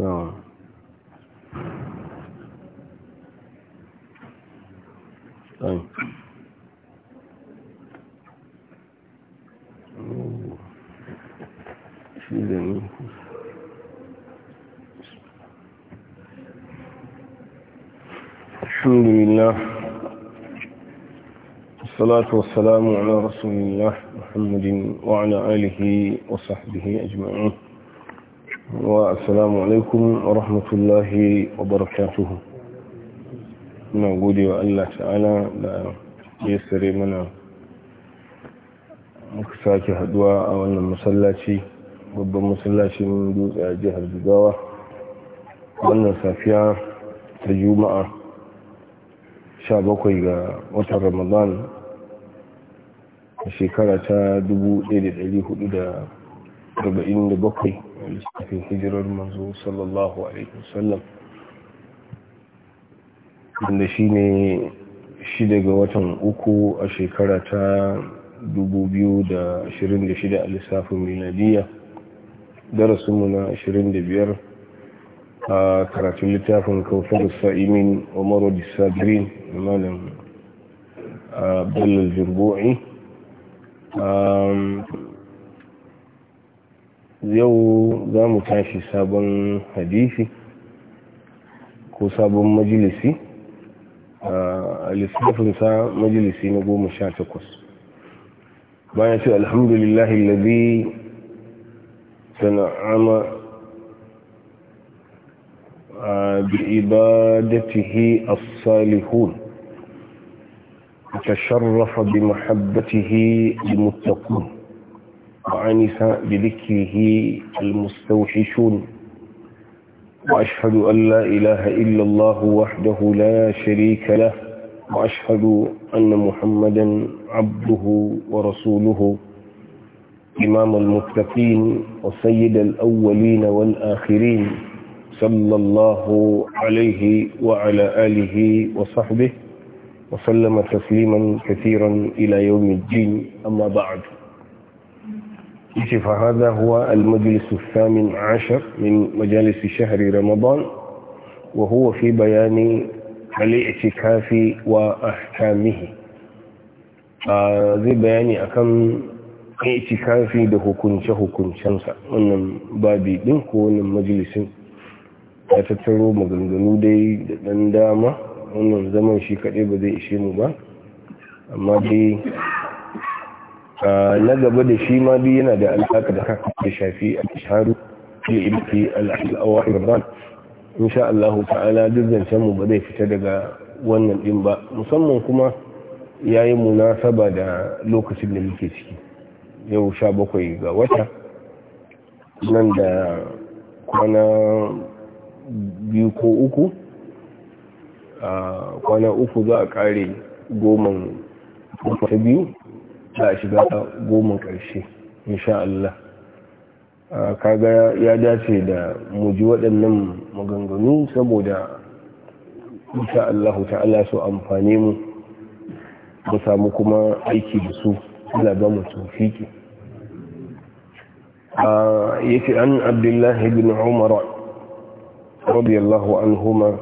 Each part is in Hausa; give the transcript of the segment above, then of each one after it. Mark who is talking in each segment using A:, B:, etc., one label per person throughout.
A: آه. طيب الحمد لله والصلاة والسلام على رسول الله محمد وعلى آله وصحبه أجمعين والسلام عليكم ورحمة الله وبركاته na gode wa Allah ta'ala da ya sare mana muka sake haduwa a wannan masallaci babban masallacin dutse a jihar jigawa wannan safiya ta juma'a bakwai ga watan ramadan a shekara ta da 1447 lissafin hijirar manzo sallallahu alaihi wasallam wanda shi ne shi daga watan uku a shekara ta 2026 a lissafin miladiya darasinmu na 25 a karatun littafin kawfar sa'imin umaru disabirin da malam abdullal jirgo'i yau za mu tashi sabon hadisi ko sabon majalisi a lissafinsa majalisi na goma sha takwas bayan ce alhamdulillahi labi sana'ama بعبادته الصالحون تشرف بمحبته المتقون وعنف بذكره المستوحشون وأشهد أن لا إله إلا الله وحده لا شريك له وأشهد أن محمدا عبده ورسوله إمام المتقين وسيد الأولين والآخرين صلى الله عليه وعلى آله وصحبه وسلم تسليما كثيرا إلى يوم الدين أما بعد يجي فهذا هو المجلس الثامن عشر من مجالس شهر رمضان وهو في بيان الاعتكاف a zai bayani akan itikafi da hukunce-hukuncensa wannan babi din ko wannan majalisin ya tattaro maganganu dai da ɗan dama wannan zaman shi kaɗai ba zai ishe mu ba amma dai na gaba da shi ma biyu yana da alaƙa da kan da shafi a shaharu ilibki al'awar iran insha Allah ta'ala duk zancen mu ba zai fita daga wannan din ba musamman kuma ya yi munasaba da lokacin da muke ciki yau sha bakwai ga wata nan da kwana biyu ko uku kwana uku za a kare goma ta biyu za a shiga goman ƙarshe insha Allah kaga ya dace da muji waɗannan maganganu saboda insha Allah ta'ala su amfane mu mu samu kuma aiki da su ila ba mu Ya yace an Abdullahi bin Umar radiyallahu anhuma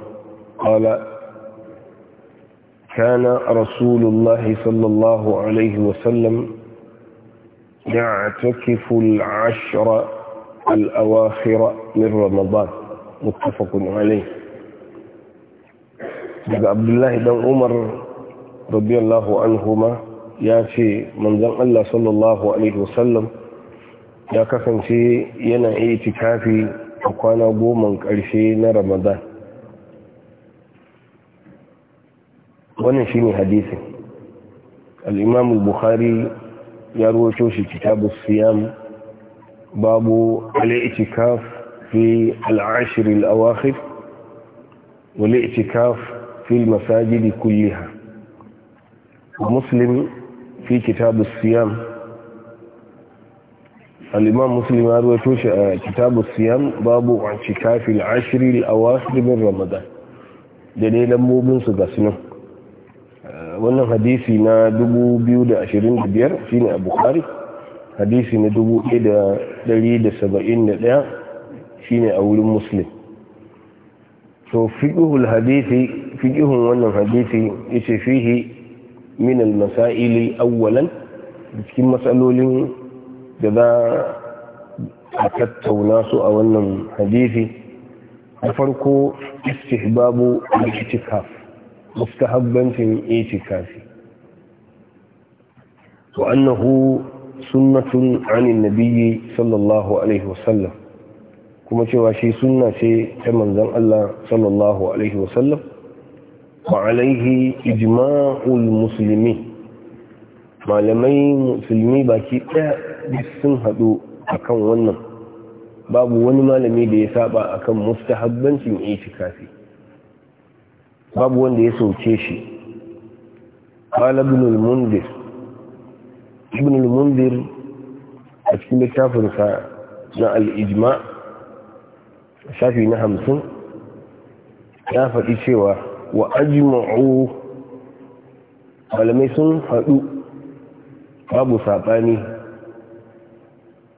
A: qala كان رسول الله صلى الله عليه وسلم يعتكف العشر الأواخر من رمضان متفق عليه daga abdullahi dan umar radiyallahu anhuma ya ce manzon Allah sallallahu alaihi wasallam ya kasance yana itikafi a kwana goma ƙarshe na ramadan wannan shine hadisin al-imam al-bukhari ya rawaito shi kitabu siyam babu al-i'tikaf fi al-ashr al-awakhir al i'tikaf fi al-masajid kulliha muslim fi kitab siyam al-imam muslim ya rawaito shi a siyam babu i'tikaf al-ashr al-awakhir min ramadan da ne lambobin su ga wannan hadisi na 2025 shine a bukhari hadisi na 1171 shine a wurin muslim to fiqhul hadisi fiƙihun wannan hadisi yace fihi min al-masaili awwalan cikin matsalolin da za a tattauna su a wannan hadisi na farko istihbabu al-itikaf mustahabbancin itikafi wa annahu sunnatun anin nabiyyi sallallahu alaihi wasallam kuma cewa shi sunna ce ta manzon Allah sallallahu alaihi wasallam wa alaihi ijma'ul musulmi malamai musulmi baki ɗaya sun haɗu akan wannan babu wani malami da ya saba akan mustahabbancin itikafi babu wanda ya sauke shi قال ابن المنذر ابن المنذر أتكلم na al'ijma shafi na hamsin ya faɗi cewa wa ajma'u malamai sun faɗu babu saɓani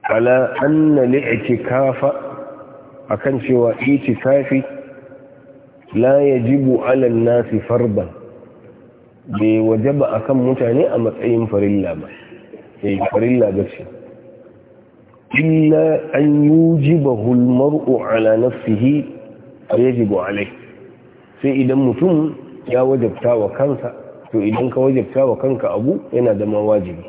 A: ala anna li'aci kafa a kan cewa iti kafi la yajibu ala nasi farban bai wajaba akan mutane a matsayin farilla ba sai eh, farilla ce. illa an yujibahu almar'u ala nafsihi a yajibu Alai, sai idan mutum ya wajabta wa kansa to idan ka wajabta wa kanka abu yana da wajibi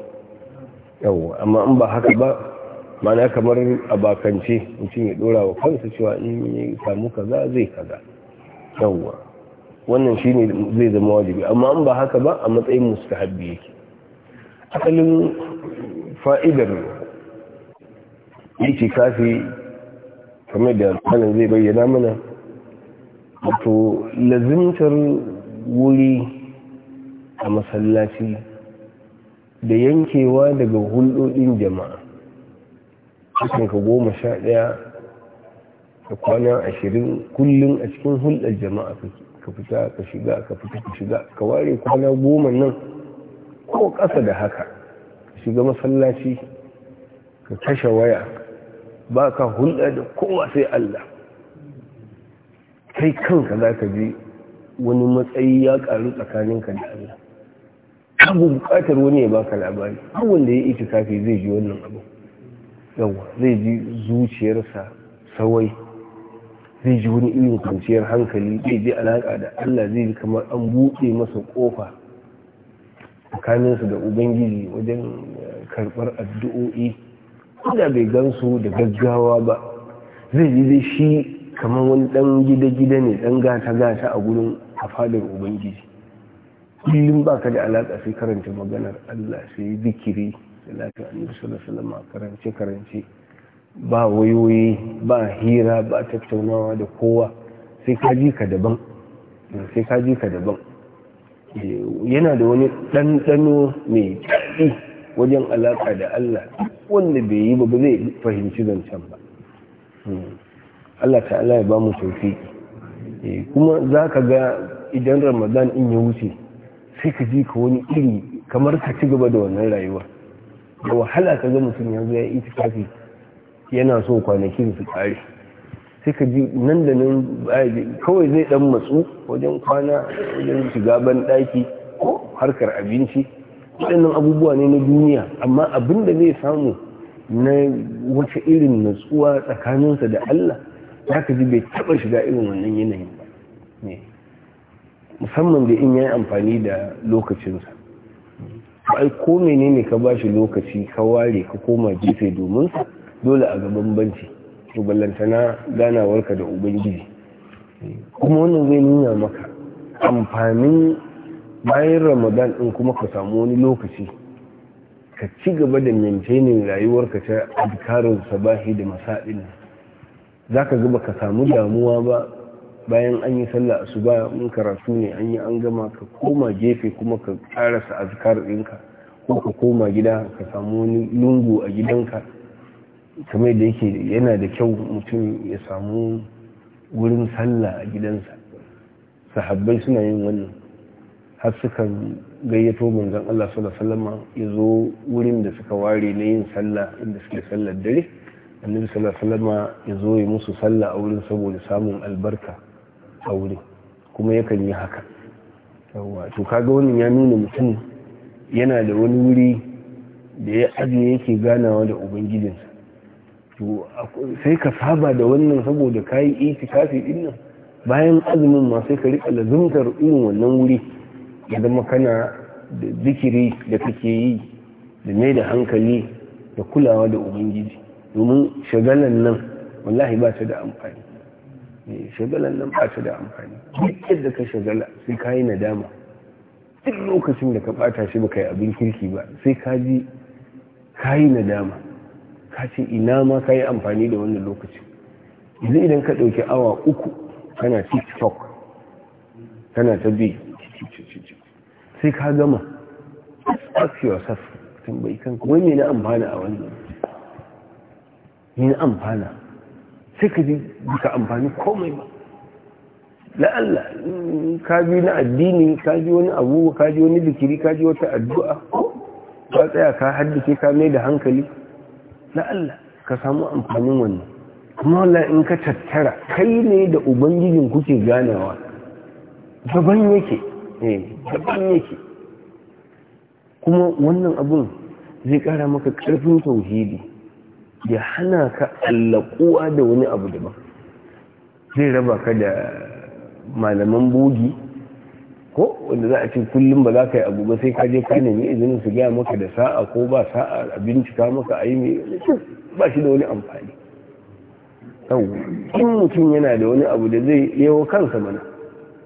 A: yau amma in ba haka ba mana kamar a bakance mutum ya dora wa kansa cewa in ya samu kaza zai kaza yawwa wannan shine zai zama wajibi amma an ba haka ba a matsayin mustahabbi yake asalin fa'idar yake kafi kamar da sanin zai bayyana mana wato lazimtar wuri a masallaci da yankewa daga hulɗoɗin jama'a cikin ka goma sha ɗaya da kwana ashirin kullum a cikin hulɗar jama'a ka fita ka shiga ka fita ka shiga ka ware kwana goma nan ko ƙasa da haka shiga masallaci ka kashe waya ba ka hulɗa da kowa sai Allah kai kanka za ka ji wani matsayi ya ƙaru tsakaninka da Allah abu buƙatar wani ya baka labari har wanda ya itikafi zai ji wannan abu yawa zai ji zuciyarsa sawai zai ji wani irin kwanciyar hankali zai ji alaƙa da Allah zai ji kamar an buɗe masa ƙofa tsakaninsu da ubangiji wajen eh, karɓar addu'o'i inda bai gansu da gaggawa ba zai ji zai shi kamar wani ɗan gida-gida ne ɗan gata-gata a gurin a fadar ubangiji kullum ba ka da alaka sai karanta maganar Allah sai zikiri da salatin annabi sallallahu alaihi wasallam karance karance ba wayoyi ba hira ba tattaunawa da kowa sai ka ji ka daban sai ka ji ka daban eh, yana da wani ɗanɗano mai ƙarfi wajen alaƙa da Allah wanda bai yi ba ba zai fahimci zancen ba hmm. Allah ta'ala ya ba mu sauƙi eh, kuma za ka ga idan ramadan in ya wuce sai ka ji ka wani iri kamar ka ci gaba da wannan rayuwa da wahala ka ga mutum ya zo ya yi itikafi yana so kwanaki su kare sai ka ji nan da nan kawai zai dan matsu wajen kwana wajen shiga ban daki ko harkar abinci waɗannan abubuwa ne na duniya amma abin da zai samu na wata irin natsuwa tsakaninsa da Allah za ka ji bai taɓa shiga irin wannan yanayin ba ne musamman da in ya yi amfani da lokacinsa ai ko menene ka ba shi lokaci ka ware ka koma gefe domin sa dole a ga bambanci to ballantana ganawarka da ubangiji kuma wannan zai nuna maka amfanin bayan ramadan din kuma ka samu wani lokaci ka ci gaba da maintaining rayuwarka ta adkarin sabahi da masa'in za ka ga ka samu damuwa ba bayan an yi sallah ba mun karatu ne an yi an gama ka koma gefe kuma ka karasa azkar ɗinka ko ka koma gida ka samu wani lungu a gidanka kamar da yake yana da kyau mutum ya samu wurin sallah a gidansa sahabbai suna yin wannan har suka gayyato manzon Allah sallallahu alaihi wasallam ya zo wurin da suka ware na yin sallah inda suke sallar dare annabi sallallahu alaihi wasallam ya zo ya musu sallah a wurin saboda samun albarka a wurin kuma yakan yi haka yawa to kaga wannan ya nuna mutum yana da wani wuri da ya ajiye yake ganawa da ubangijinsa to sai ka saba da wannan saboda ka yi iti din nan bayan azumin ma sai ka rika lazumtar irin wannan wuri ya zama kana da zikiri da kake yi da mai da hankali da kulawa da ubangiji domin shagalan nan wallahi ba ta da amfani eh, shagalan nan ba ta da amfani duk yadda ka shagala sai ka yi nadama duk lokacin da ka bata shi ba ka yi abin kirki ba sai ka ji ka yi nadama ka ce ina ma ka yi amfani da wannan lokacin? yanzu idan ka ɗauki awa uku kana tiktok kana ta bi sai ka gama ask yourself tambayi kan kuma me na amfana a wannan ne na amfana sai ka ji duka amfani komai ba la'alla ka ji na addini ka ji wani abu ka ji wani zikiri ka ji wata addu'a ka tsaya ka haddace ka mai da hankali na Allah ka samu amfanin wannan kuma Allah in ka tattara kai ne da ubangijin kuke ganewa daban yake eh, daban yake kuma wannan abun zai kara maka karfin tauhidi ya hana ka allakuwa da wani abu daban zai raba ka da malaman bogi ko wanda za a ce kullum ba za ka yi abu ba sai ka je ka nemi izinin su gaya maka da sa'a ko ba sa'a a bincika maka a yi mai ba shi da wani amfani in mutum yana da wani abu da zai yawo kansa mana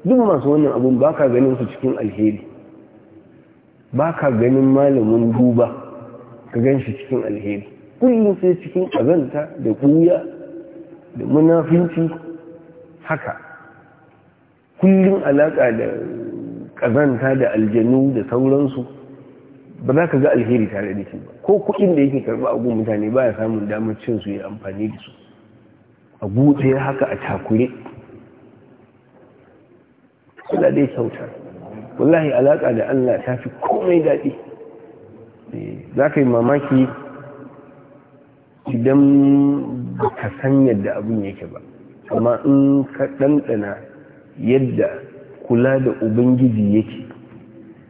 A: duk masu wannan abun ba ka ganin su cikin alheri ba ka ganin malamin duba ka gan shi cikin alheri kullum sai cikin azanta da kuya da munafinci haka kullum alaka da kazanta da aljanu da sauransu ba za ka ga alheri tare da shi ba ko kuɗin da yake karɓa a gun mutane ba ya samun damar cin su ya amfani da su a buɗe haka a takure kula dai kyauta wallahi alaƙa da Allah ta fi komai daɗi eh, za ka yi mamaki idan ba ka san yadda abin yake ba amma in ka ɗanɗana yadda kula da ubangiji yake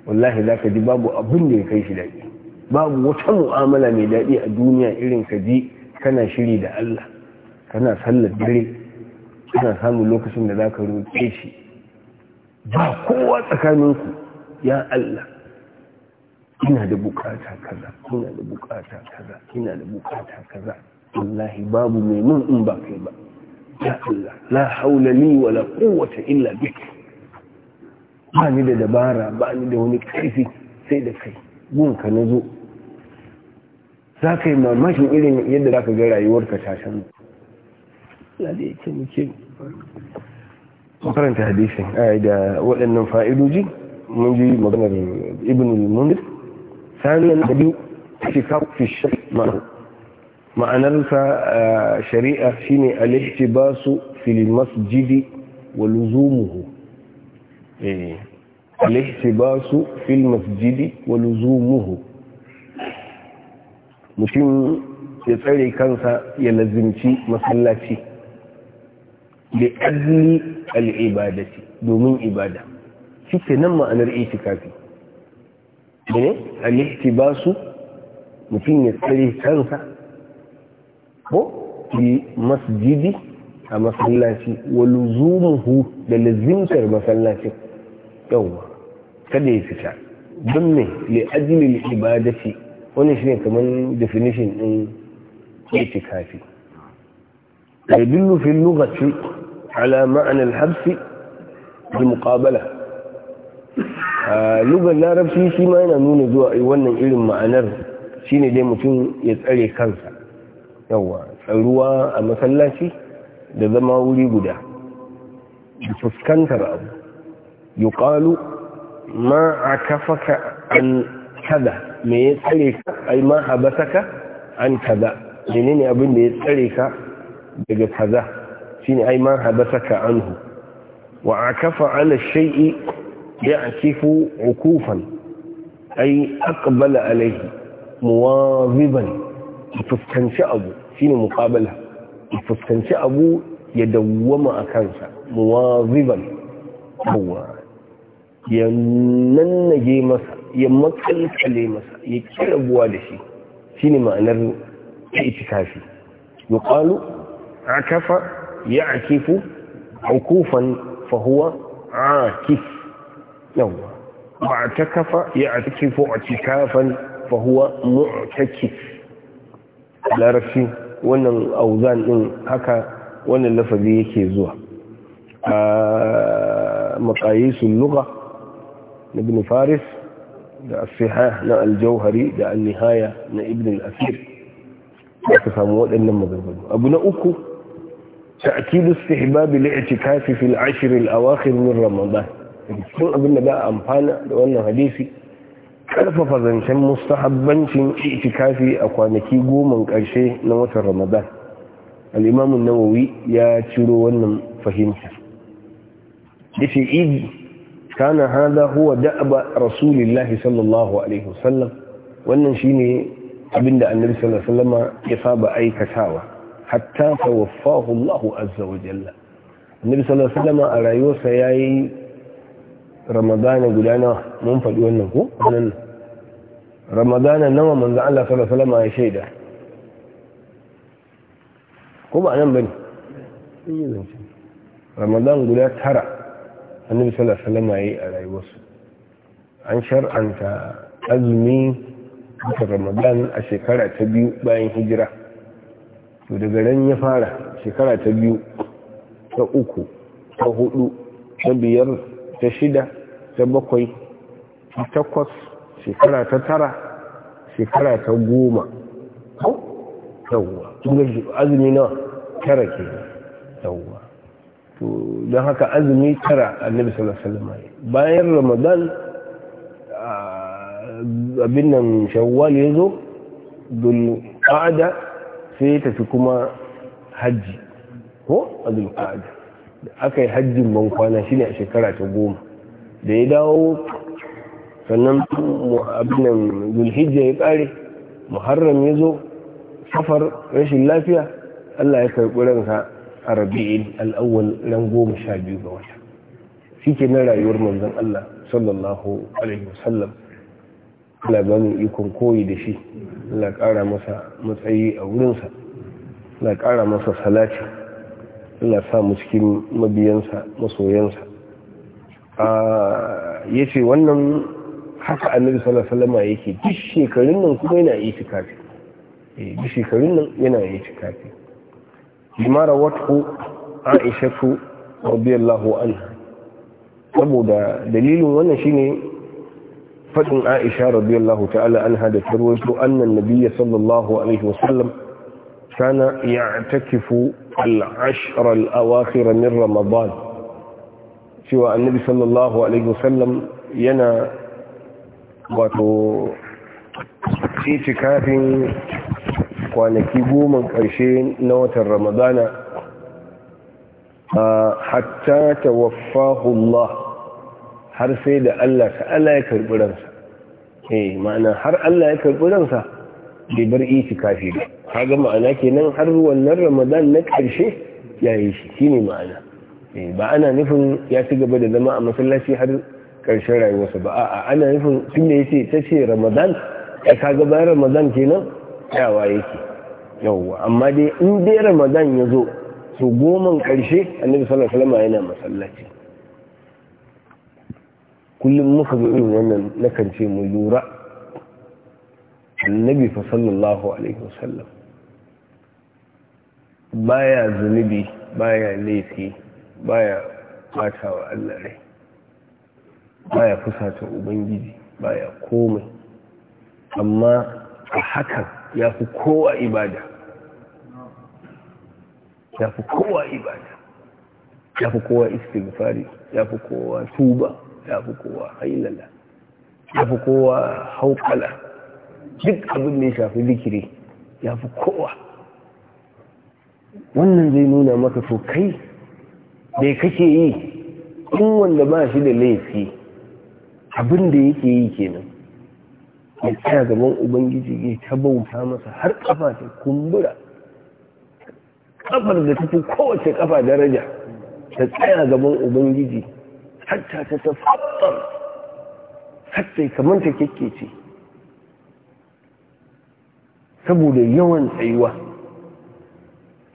A: wallahi za ka ji babu abin da ya kai shi daɗi babu wata mu'amala mai daɗi a duniya irin ka ji kana shiri da Allah kana sallar dare kana samun lokacin da za ka roƙe shi ba kowa tsakaninku ya Allah ina da bukata kaza ina da bukata kaza ina da bukata kaza wallahi babu mai mun in ba kai ba ya Allah la haula li wala quwwata illa bika ba ni da dabara ba ni da wani ƙarfi sai da kai ka na zo za ka yi mamakin irin yadda za ka ga rayuwarka ka canza Ya da ya ce muke makaranta hadisin da waɗannan fa'idoji mun ji maganar ibn al-mundir saniyan da biyu take kawo fi shari'a ma'anarsa shari'a shine ba su fil jidi wa luzumuhu eh al-ihtibasu fil masjidi wa luzumuhu mutum ya tsare kansa ya lazimci masallaci da ajli al-ibadati domin ibada shike nan ma'anar itikafi ne al-ihtibasu mutum ya tsare kansa ko fi masjidi a masallaci wa luzumuhu da lazimtar masallacin yawwa kada ya fita don me li ajli ibadati wannan shine kamar definition din itikafi يدل في اللغة على معنى الحبس بالمقابلة lugar larabci shi ma yana nuna zuwa wannan irin ma'anar shine dai mutum ya tsare kansa yawa tsaruwa a masallaci da zama wuri guda da fuskantar abu yuqalu ma akafaka an kaza me ya tsare ka ai ma habasaka an kaza menene abin da ya tsare ka daga kaza shine ai ma habasaka anhu wa akafa ala shay'i ya'kifu ukufan ai aqbala alayhi muwaziban fuskanci abu shine muqabala fuskanci abu ya dawwama a kansa muwaziban yawa ya nannage masa ya makalkale masa ya kira buwa da shi shine ma'anar ya kafi kafa a itikafi yuqalu akafa ya'kifu ukufan fa huwa akif yawa ma'takafa ya'takifu i'tikafan a ta kif larafi wannan auzan din haka wannan lafazi yake zuwa a makayisun lura ibn faris da asiha na aljauhari da annihaya na ibn al-asir aka samu waɗannan maganganu abu na uku تأكيد استحباب الاعتكاف في العشر الأواخر من Ramadan. cikin abin da ba a amfana da wannan hadisi karfafa zancen mustahabbancin itikafi a kwanaki goma karshe na watan ramadan al'imamun nawawi ya ciro wannan fahimta yace idi kana hada huwa da'aba rasulillahi sallallahu alaihi wasallam wannan shine abinda annabi sallallahu alaihi wasallama ya saba aikatawa hatta tawaffahu Allahu azza wa jalla annabi sallallahu alaihi wasallama a rayuwarsa yayi ramadana guda nawa mun faɗi wannan ko wannan ramadana nawa manzo Allah sallallahu alaihi wasallama ya shaida ko ba nan bane ramadan guda tara annabi sallallahu alaihi wasallam yayi a rayuwarsu an shar'anta azumi a ramadan a shekara ta biyu bayan hijira to daga ran ya fara shekara ta biyu ta uku ta hudu ta biyar ta shida ta bakwai ta takwas shekara ta tara shekara ta goma yawwa tun da azumi na tara ke yawwa to don haka azumi tara annabi sallallahu alaihi wasallam bayan ramadan abin nan shawwal ya zo dul qa'da sai tafi kuma hajji ko azul qa'da aka hajjin ban kwana shine a shekara ta goma da ya dawo sannan abin nan hijja ya kare muharram ya zo safar rashin lafiya Allah ya karɓi ranka a rabi'in al'awwal ran goma sha biyu ga wata shi ke na rayuwar manzon Allah sallallahu alaihi wasallam Allah ba mu ikon koyi da shi Allah ƙara masa matsayi a wurinsa Allah ƙara masa salati Allah sa mu cikin mabiyansa masoyansa a yace wannan haka annabi sallallahu alaihi wasallam yake duk shekarun nan kuma yana itikafi eh duk shekarun nan yana itikafi bima rawathu aishatu radiyallahu anha saboda dalilin wannan shine fadin aisha radiyallahu ta'ala anha da tarwaito annan nabiyya sallallahu alaihi wasallam kana ya'takifu al-ashr al-awakhir min ramadan cewa annabi sallallahu alaihi wasallam yana wato itikafin kwanaki goma ƙarshe na watan ramadana hatta tawaffahullah har sai da Allah Allah ya karɓi ransa eh ma'ana har Allah ya karɓi ransa bai bar itikafi ba kaga ma'ana kenan har wannan ramadan na ƙarshe ya yi shi ne ma'ana eh, ba ana nufin ya ci gaba da zama a masallaci har ƙarshen rayuwarsa ba a'a ana nufin tun da ce ta ce ramadan ya kaga bayan ramadan kenan tsayawa yake yawwa amma dai in dai ramadan ya zo to goman karshe annabi sallallahu alaihi wasallam yana masallaci kullum muka ga irin wannan na kance mu lura annabi fa sallallahu alaihi wasallam baya zunubi baya laifi baya bata wa Allah rai baya fusata ubangiji baya komai amma a hakan ya fi kowa ibada ya fi kowa ibada ya fi kowa istighfari ya fi kowa tuba ya fi kowa hailala ya fi kowa haukala duk abin da ya shafi zikiri ya fi kowa wannan zai nuna maka to kai da kake yi in wanda ba shi da laifi abin da yake yi kenan ya tsaya gaban ubangiji ya ta bauta masa har kafa ta kumbura kafar da ta fi kowace kafa daraja ta tsaya gaban ubangiji hatta ta fattar hatta kamar ta kyakkece saboda yawan tsayuwa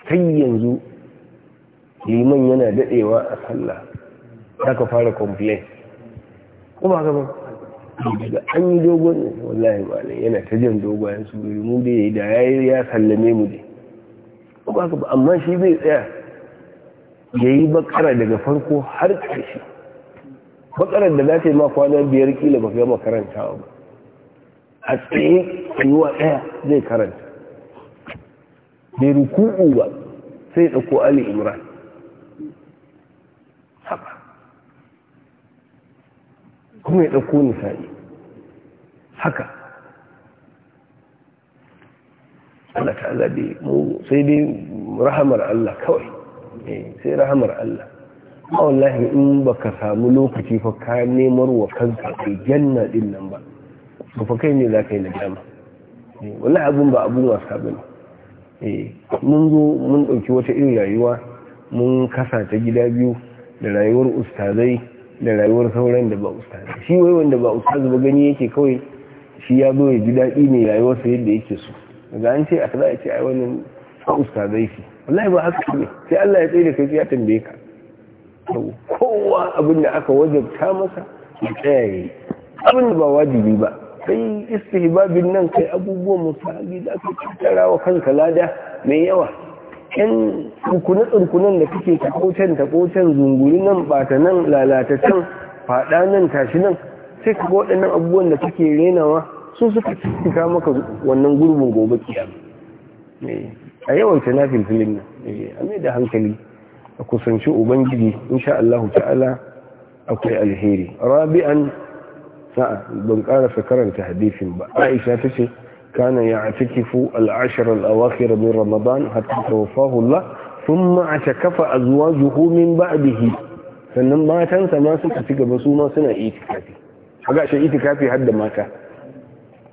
A: sai yanzu liman yana dadewa a sallah za ka fara complain kuma gaban daga an yi dogon ne wallahi ba ne yana ta jan dogon su mu dai da ya sallame mu dai ba ba amma shi zai tsaya ya yi bakara daga farko har ƙarshe bakarar da za ta yi ma kwana biyar kila ba ka gama karantawa ba a tsaye tsayuwa ɗaya zai karanta bai ruku'u ba sai ɗauko ali imran kuma ya ɗauko nisa'i haka Allah ta zaɓe mu sai dai rahamar Allah kawai eh, sai rahamar Allah ma wallahi in baka samu lokaci fa ka nemar wa kanka kai janna din nan ba ba fa kai ne za ka yi jama eh, wallahi abun ba abun wasa ba eh, mun zo mun ɗauki wata irin rayuwa mun kasa ta gida biyu da rayuwar ustazai da rayuwar sauran da ba ustazi shi wai wanda ba ustazi ba gani yake kawai shi ya zo ya ji daɗi ne rayuwarsa yadda yake so daga an ce a za a ce ai wannan ba ustazai shi wallahi ba haka ne sai Allah ya tsaye da kai ya tambaye ka kowa abin da aka wajabta masa ya tsaya yayi abin da ba wajibi ba sai istihbabin nan kai abubuwan musahabi da aka tattara wa kanka lada mai yawa yan tsurkune da kake taɓocen taɓocen zunguri nan ɓata nan lalatacen faɗa nan tashi nan sai ka waɗannan abubuwan da kake renawa su suka cika maka wannan gurbin gobe kiyama eh, a yawan na filin nan eh, a mai da hankali a kusanci ubangiji insha Allah ta'ala akwai alheri rabi'an sa'a ban karasa karanta hadisin ba aisha ta ce كان يعتكف العشر الأواخر من رمضان حتى توفاه الله ثم اعتكف أزواجه من بعده sannan matansa ma suka ci gaba su ma suna itikafi kaga shi itikafi har da mata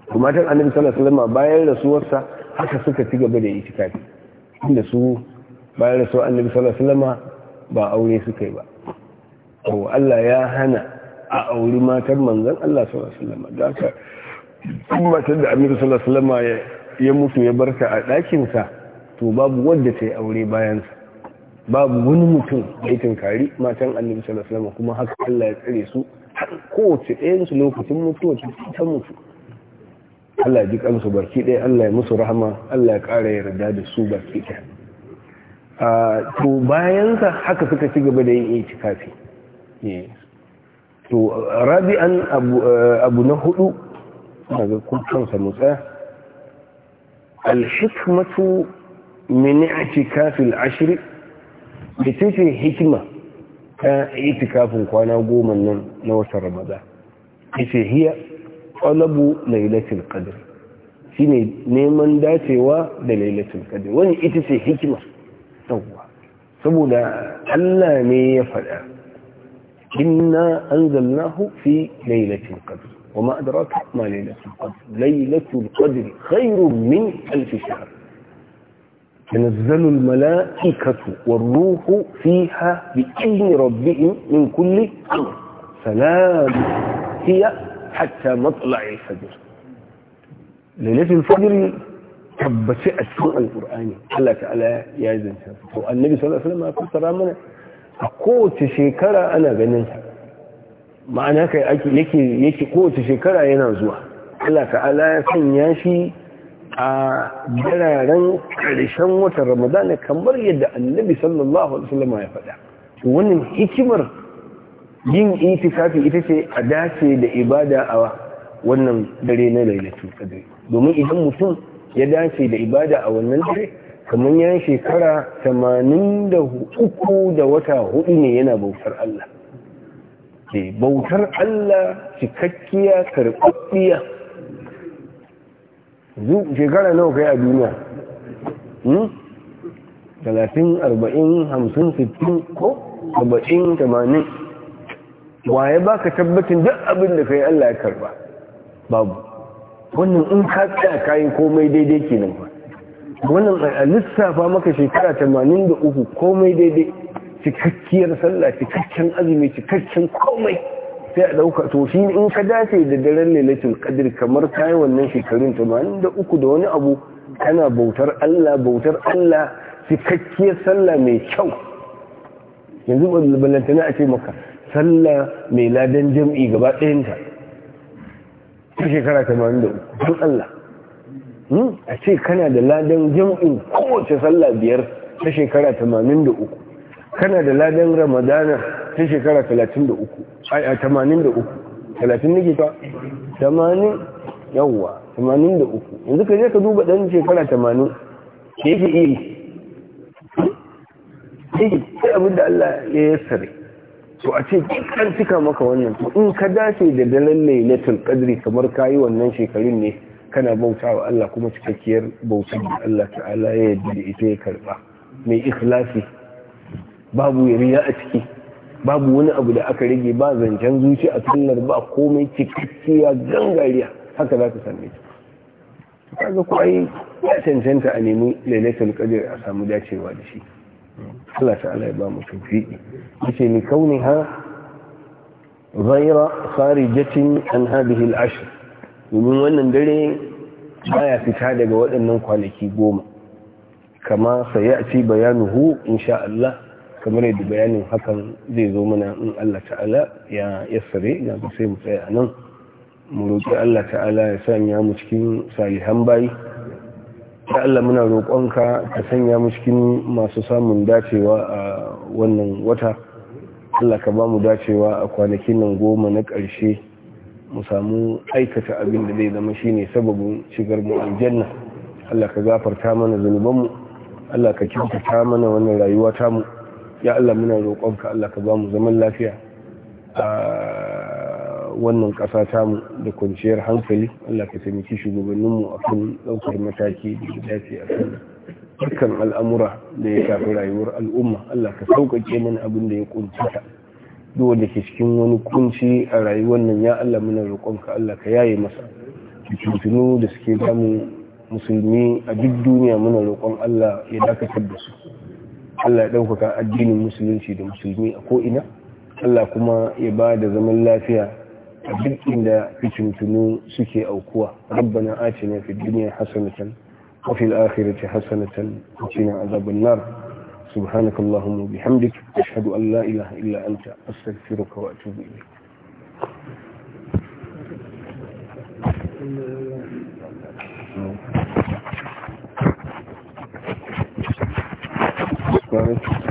A: to matan annabi sallallahu alaihi bayan rasuwarsa haka suka ci gaba da itikafi inda su bayan rasuwar annabi sallallahu alaihi ba aure suka yi ba to Allah ya hana a auri matar manzon Allah sallallahu alaihi wasallam in matar da annabi sallallahu alaihi wasallam ya mutu ya barka a ɗakinsa to babu wanda ta yi aure bayansa babu wani mutum da ya tunkari matan annabi sallallahu alaihi wasallam kuma haka Allah ya tsare su kowace ɗayan su lokacin mutuwa ta mutu Allah ya ji kansu barki ɗaya Allah ya musu rahama Allah ya ƙara yarda da su barki ɗaya to bayansa haka suka ci gaba da yin itikafi to rabi'an abu eh, na hudu الحكمة من اعتكاف العشر بتيتي حكمة اعتكاف وانا قوما نوش رمضان حيث هي طلب ليلة القدر سيني نيمان داتي و ليلة القدر وان اتسي حكمة سبولا ألا مي فلا إنا أنزلناه في ليلة القدر وما أدراك ما ليلة القدر ليلة القدر خير من ألف شهر تنزل الملائكة والروح فيها بإذن ربهم من كل أمر سلام هي حتى مطلع الفجر ليلة الفجر تبسئت سوء القرآن قال لك على يا إذن النبي صلى الله عليه وسلم أقول ترامنا أقول تشيكرا أنا بننسى ma'ana kai ake yake yake kowace shekara yana zuwa Allah ala ya san ya shi a biraren ƙarshen watan ramadana kamar yadda Annabi sallallahu alaihi wasallam ya faɗa wannan hikimar yin itikafi ita ce a dace da ibada a wannan dare na lailatul qadr domin idan mutum ya dace da ibada a wannan dare kamar yayin shekara 83 da wata hudu ne yana bautar Allah bautar Allah cikakkiya karɓaɓɓiya shekara nawa kai a duniya hmm? talatin arba'in hamsin sittin ko arba'in tamanin waye ba ka tabbatin duk abin da kai Allah ya karba babu wannan in ka tsaya kayan komai daidai kenan ba wannan a lissafa maka shekara tamanin da uku komai daidai cikakkiyar sallah cikakken azumi cikakken komai sai a ɗauka to shi in ka dace da daren lailatul qadr kamar kayan wannan shekarun tamanin da uku da wani abu kana bautar Allah bautar Allah cikakkiyar sallah mai kyau yanzu ballantana a ce maka sallah mai ladan jam'i gaba ɗayanta ta shekara tamanin da uku don Allah hmm? a ce kana da ladan jam'in kowace sallah biyar ta shekara tamanin da uku kana da ladan ramadana ta shekara 33 ai a 83 ne ke ka 80 yawa 83 yanzu ka je ka duba dan shekara 80 ke yake iri yake sai abinda Allah ya yassare to a ce kan cika maka wannan to in ka dace da daren lailatul qadri kamar kai wannan shekarun ne kana bautawa Allah kuma cikakkiyar bautar da Allah ta'ala ya yarda da ita ya karba mai ikhlasi babu riya a ciki babu wani abu da aka rage ba zancen zuci a sallar ba komai cikakkiya gangariya haka za ka same ta kaga ko ai ya cancanta a nemi lailatul qadr a samu dacewa da shi Allah ta'ala ya ba mu tawfiqi yace ni kauniha ghayra kharijatin an hadhihi al-ashr domin wannan dare baya fita daga waɗannan kwanaki goma kama sai ya sayaci bayanuhu insha Allah kamar yadda bayanin hakan zai zo mana in Allah ta'ala ya yassare na ga sai mu tsaya nan mu roƙi Allah ta'ala ya sanya mu cikin salihan bayi ya Allah muna roƙonka ka sanya mu cikin masu samun dacewa a wannan wata Allah ka ba mu dacewa a kwanakin nan goma na ƙarshe mu samu aikata abin da zai zama shine sababin shigar mu aljanna Allah ka gafarta mana zunubanmu Allah ka kyautata mana wannan rayuwa tamu mu ya Allah muna roƙonka Allah ka ba mu zaman lafiya a wannan ƙasa tamu da kwanciyar hankali Allah ka taimaki shugabanninmu a kan ɗaukar mataki da ya dace a kan harkar al'amura da ya shafi rayuwar al'umma Allah ka sauƙaƙe mana abin da ya ƙuntata duk wanda ke cikin wani kunci a rayuwar nan ya Allah muna roƙonka Allah ka yaye masa tuntunu da suke samun musulmi a duk duniya muna roƙon Allah ya dakatar da su Allah ya ɗaukaka addinin musulunci da musulmi a ko'ina Allah kuma ya ba da zaman lafiya a duk inda fitintunu suke aukuwa rabbana atina fid dunya hasanatan wa fil akhirati hasanatan wa a azaban nar سبحانك اللهم وبحمدك أشهد أن لا إله إلا أنت أستغفرك وأتوب إليك kwarai